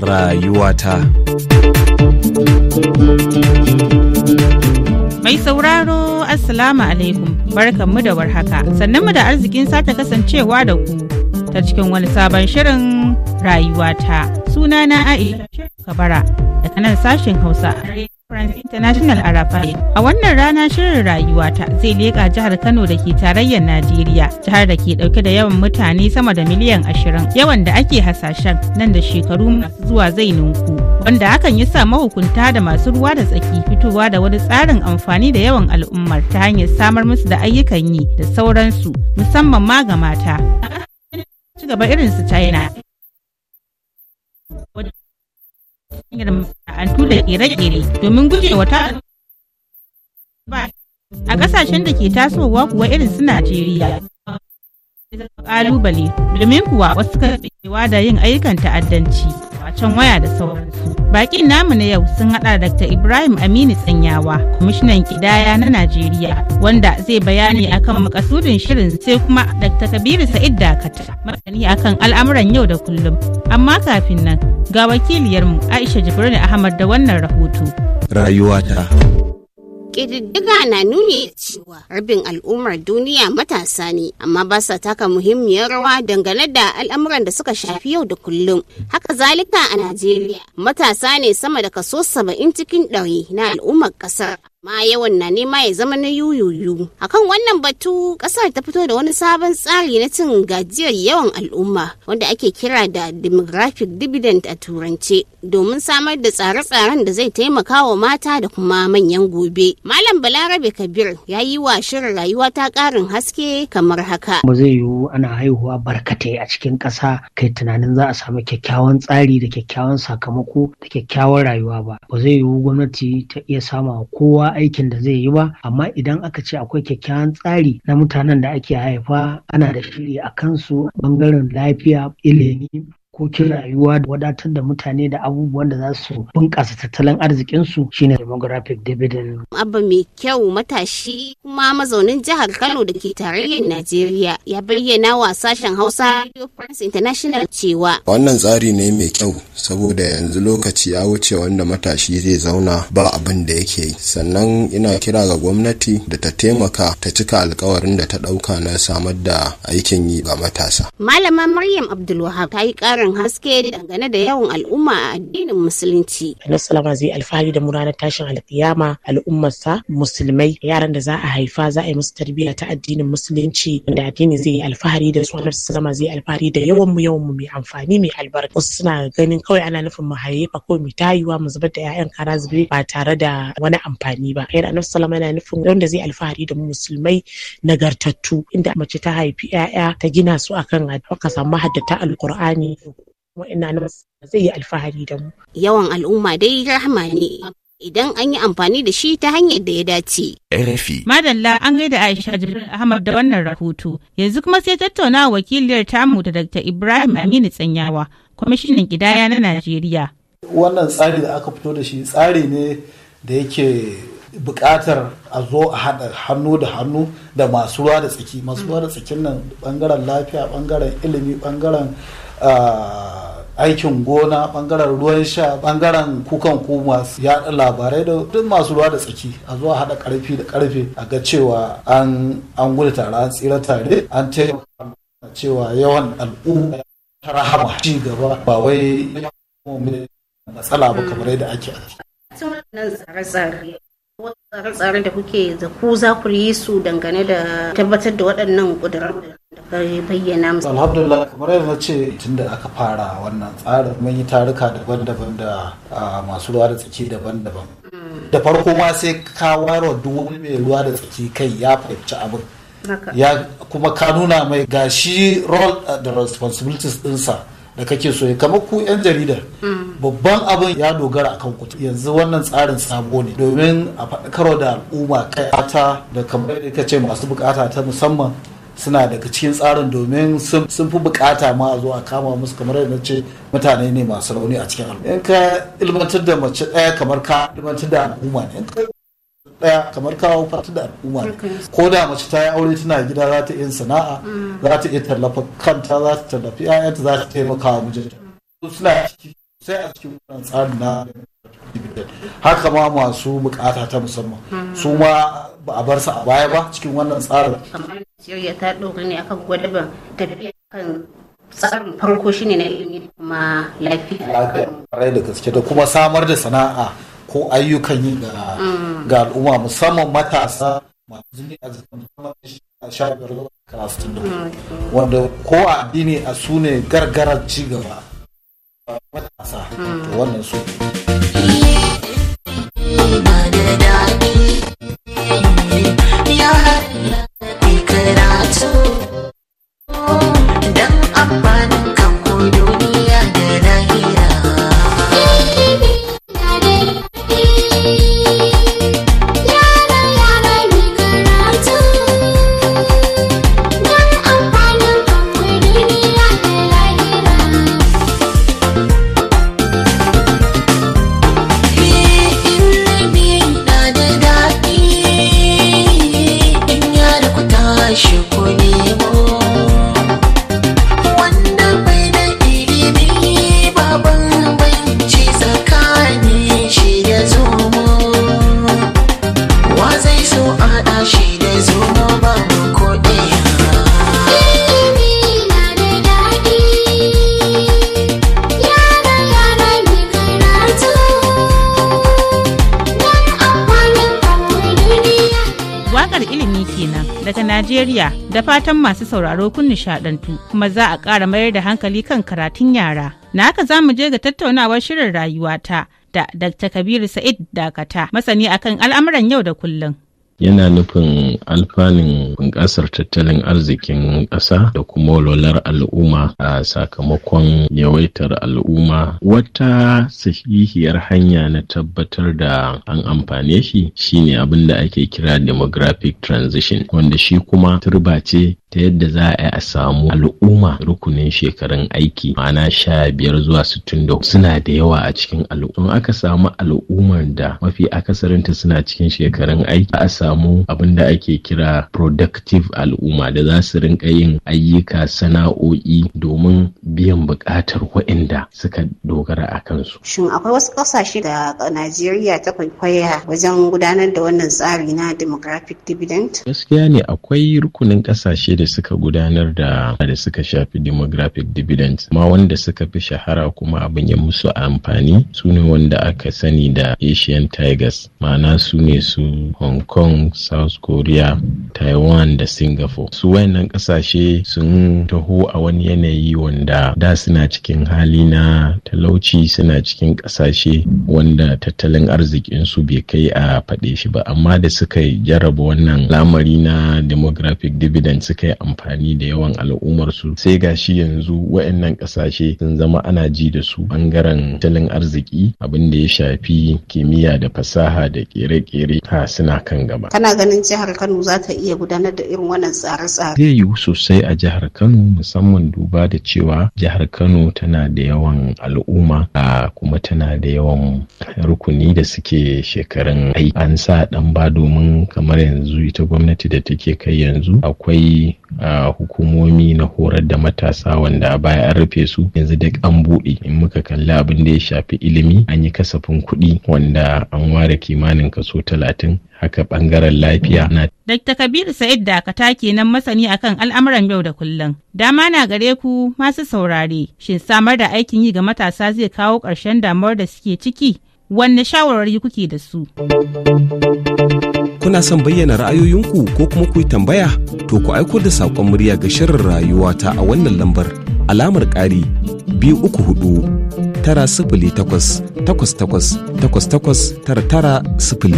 rayuwata. Mai sauraro Assalamu alaikum barkanmu da warhaka mu da arzikin sata kasancewa da ku ta cikin wani sabon shirin rayuwata sunana Aisha Kabara daga nan sashen Hausa. Friends International Arafai. A wannan rana shirin rayuwata zai leƙa jihar Kano da ke tarayyar Najeriya, jihar da ke ɗauke da yawan mutane sama da miliyan ashirin, yawan da ake hasashen nan da shekaru zuwa zai ninku. Wanda hakan ya sa mahukunta da masu ruwa da tsaki fitowa da wani tsarin amfani da yawan al'ummar ta hanyar samar musu da ayyukan yi da sauransu musamman ma ga mata. Ci gaba irin su China hanyar masana'antu da kere-kere domin gujewa ta a kasashen da ke tasowa kuwa irin su Najeriya. Kalubale domin kuwa wasu kan da yin ayyukan ta'addanci. can waya da sauransu. Bakin namu na yau sun hada Dr. Ibrahim Aminu Tsanyawa, kwamishinan kidaya na Najeriya, wanda zai bayani akan makasudin shirin sai kuma Dr. Kabiru Sa'id Dakata, masani akan al'amuran yau da kullum. Amma kafin nan, ga wakiliyarmu Aisha Jibrin Ahmad da wannan rahoto. Rayuwata. Ƙididdiga na nuni cewa rabin al'ummar duniya matasa ne, amma ba sa taka muhimmiyar rawa dangane da al'amuran da suka shafi yau da kullum. Haka zalika a Najeriya, matasa ne sama da kaso saba'in cikin ɗari na al'ummar ƙasar, ma yawan na nema ya zama na yuyuyu kan wannan batu ƙasar ta fito da wani sabon tsari na cin gajiyar yawan al'umma wanda ake kira da demographic dividend a turance domin samar da tsare-tsaren da zai taimaka wa mata da kuma manyan gobe malam balarabe kabir ya yi wa shirin rayuwa ta karin haske kamar haka ba zai yiwu ana haihuwa barkatai a cikin ƙasa kai tunanin za a samu kyakkyawan tsari da kyakkyawan sakamako da kyakkyawan rayuwa ba ba zai yiwu gwamnati ta iya samawa kowa aikin da zai yi ba amma idan aka ce akwai kyakkyawan tsari na mutanen da ake haifa ana da shiri a kansu bangaren lafiya ilimi harkokin rayuwa da wadatar da mutane da abubuwan da za su bunƙasa tattalin arzikinsu shine demographic dividend. Abu mai kyau matashi kuma mazaunin jihar Kano da ke tarayyar Najeriya ya bayyana wa sashen Hausa Radio France International cewa. Wannan tsari ne mai kyau saboda yanzu lokaci ya wuce wanda matashi zai zauna ba abin da yake yi. Sannan ina kira ga gwamnati da ta taimaka ta cika alkawarin da ta ɗauka na samar da aikin yi ga matasa. Malama Maryam Abdulwahab ta yi ƙara ƙarin haske dangane da yawan al'umma a addinin musulunci. Annabi salama zai alfahari da mu tashin tashin alkiyama al'ummarsa musulmai yaran da za a haifa za a yi musu tarbiyya ta addinin musulunci da addini zai yi alfahari da su Annabi salama zai alfahari da yawan mu yawan mu mai amfani mai albarka. Wasu suna ganin kawai ana nufin mu haifa ko mu tayuwa mu zubar da ƴaƴan kara zube ba tare da wani amfani ba. Yana Annabi salama yana nufin wanda zai alfahari da mu musulmai nagartattu inda mace ta haifi ƴaƴa ta gina su akan ka samu haddata alkur'ani wa'annan zai yi alfahari da mu. Yawan al'umma dai rahama ne idan an yi amfani da shi ta hanyar da ya dace. RFI. Madalla an gaida Aisha Jibril Ahmad da wannan rahoto. Yanzu kuma sai tattauna wakiliyar tamu da Dr. Ibrahim Aminu Tsanyawa, kwamishinan gidaya na Najeriya. Wannan tsari da aka fito da shi tsari ne da yake bukatar a zo a haɗa hannu da hannu da masu ruwa da tsaki masu ruwa da tsakin nan ɓangaren lafiya ɓangaren ilimi ɓangaren ah, aikin gona bangaren ruwan sha bangaren kukan ku masu yada labarai da duk masu ruwa da tsaki a zuwa haɗa karfi da karfe a ga cewa an an gudu tare an tsira tare an taimaka cewa yawan al'umma ta rahama ci gaba ba wai matsala ba kamar yadda ake tsare tsare-tsare da kuke da ku za ku yi su dangane da tabbatar da waɗannan ƙudurar bayyana musu alhamdulillah kamar yadda ce tun da aka fara wannan tsarin mun yi taruka daban-daban da masu ruwa da tsaki daban-daban mm. da farko ma sai ka wayar wa duk wani mai ruwa da tsaki kai ya fahimci abin ya kuma ka nuna mai gashi role da responsibilities dinsa da kake so ya kama ku 'yan jarida mm. babban abin ya dogara a kan kutu yanzu wannan tsarin sabo ne domin a faɗakarwa da al'umma kai ta da kamar da ka ce masu bukata ta musamman suna daga cikin tsarin domin sun fi bukata ma a zo a kama musu kamar yadda ce mutane ne masu rauni a cikin al'umma in ka ilmantar da mace ɗaya kamar ka ilmantar da al'umma ne daya kamar kawo fata da al'umma ne ko da mace ta yi aure tana gida za ta yi sana'a mm. za ta iya tallafa kanta za ta tallafi ayyanta za ta taimaka wa mijinta suna ciki sai a cikin wannan tsarin na haka ma masu bukata ta musamman mm. su ma ba a bar su a baya ba cikin wannan tsarin Najeriya ta ɗora ne akan gwadaban tafiya kan tsarin farko shine na ilimi da kuma lafiya. da gaske da kuma samar da sana'a ko ayyukan yi ga al'umma musamman matasa masu jini a jikin wanda ko a addini a su ne gargarar cigaba matasa wannan su. Ya kenan daga Najeriya da fatan masu sauraro kun nishadantu kuma za a ƙara mayar da hankali kan karatun yara. Na haka za mu je ga tattaunawar shirin rayuwata da Dr. Kabiru Sa'id Dakata, masani akan al'amuran yau da kullum. yana nufin alfanun bunƙasar tattalin arzikin ƙasa da kuma walwalar al'umma a sakamakon yawaitar al'umma wata sahihiyar hanya na tabbatar da an amfane shi shine abin da ake kira demographic transition wanda shi kuma turba ce ta yadda za a yi a samu al'umma rukunin shekarun aiki ma'ana sha biyar zuwa sittin da suna da yawa a cikin al'umma aka samu al'ummar da mafi akasarinta suna cikin shekarun aiki a samu abin da ake kira productive al'umma da za su rinka yin ayyuka sana'o'i domin biyan buƙatar waɗanda suka dogara a kansu. Shin akwai wasu ƙasashe da Najeriya ta kwaikwaya wajen gudanar da wannan tsari na demographic dividend? Gaskiya ne akwai rukunin ƙasashe da da suka gudanar da da suka shafi demographic dividend. ma wanda suka fi shahara kuma abin ya musu amfani su ne wanda aka sani da asian tigers ma'ana su ne su hong kong south korea taiwan da singapore su wayannan kasashe sun taho a wani yanayi wanda da suna cikin hali na talauci suna cikin kasashe wanda tattalin arzikinsu bai kai a faɗe shi ba amma da suka jarraba wannan lamari na demographic dividend suka ya amfani da yawan al'ummarsu sai gashi yanzu wa'annan ƙasashe sun zama ana ji da su ɓangaren tattalin arziki abin da ya shafi kimiyya da fasaha da kere-kere ha suna kan gaba. Kana ganin jihar Kano za ta iya gudanar da irin wannan tsare-tsare? Zai yiwu sosai a jihar Kano musamman duba da cewa jihar Kano tana da yawan al'umma kuma tana da yawan rukuni da suke shekarun ai an sa dan ba domin kamar yanzu ita gwamnati da take kai yanzu akwai A hukumomi na horar da matasa wanda a baya an rufe su yanzu duk an buɗe in muka kalli abin da ya shafi ilimi an yi kasafin kuɗi wanda an ware kimanin kaso talatin haka bangaren lafiya na. Dr. Kabiru Sa'id Dakata kenan masani akan al'amuran yau da kullum. Dama na gare ku masu saurare, shin samar da aikin yi ga matasa zai kawo ƙarshen damuwar da suke ciki? Wanne shawarwari kuke da su? Kuna son bayyana ra'ayoyinku ko kuma ku tambaya? to ku aiko da saƙon murya ga shirin rayuwa ta a wannan lambar alamar ƙari biyu uku hudu tara sifili takwas takwas takwas takwas takwas tara tara sifili.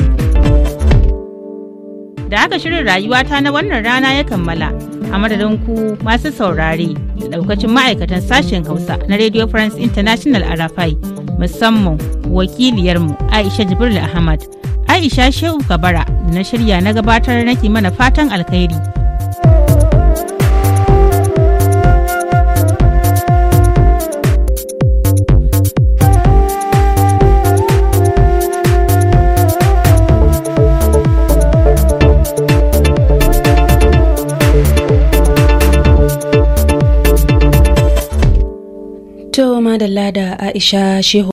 Da haka shirin rayuwa ta na wannan rana ya kammala a madadin ku masu saurare da daukacin ma'aikatan sashen Hausa na Radio France International Arafai musamman wakiliyarmu Aisha Jibril Ahmad. Aisha Shehu Kabara na shirya na gabatar nake mana fatan alkhairi. عائشة شيخ